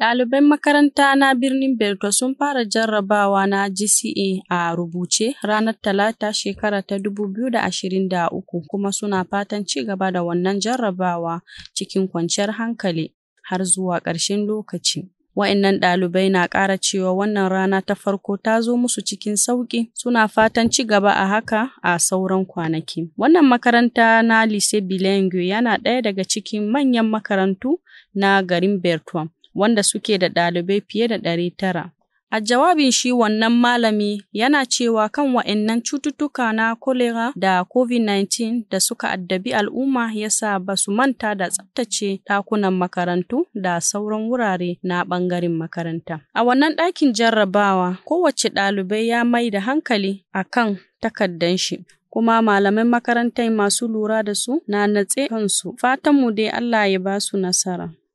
Ɗaliban makaranta na birnin Berto sun fara jarrabawa na GCE a rubuce ranar Talata shekara ta 2023 kuma suna fatan ci gaba da wannan jarrabawa cikin kwanciyar hankali har zuwa ƙarshen lokaci. Waɗannan ɗalibai na ƙara cewa wannan rana ta farko ta zo musu cikin sauƙi, suna fatan ci gaba a haka a sauran kwanaki. Wannan makaranta na Lycée Bilingue yana ɗaya daga cikin manyan makarantu na garin Bertram. wanda suke da ɗalibai fiye da ɗari tara. A jawabin shi wannan malami yana cewa kan wa'annan cututtuka na kolera da COVID-19 da suka addabi al'umma yasa ba su manta da tsabtace takunan makarantu da sauran wurare na ɓangaren makaranta. A wannan ɗakin jarrabawa, kowace ɗalibai ya mai da hankali a kan takardan shi. kuma malaman makarantar masu lura da su na natse kansu. Fatanmu dai Allah ya ba su nasara.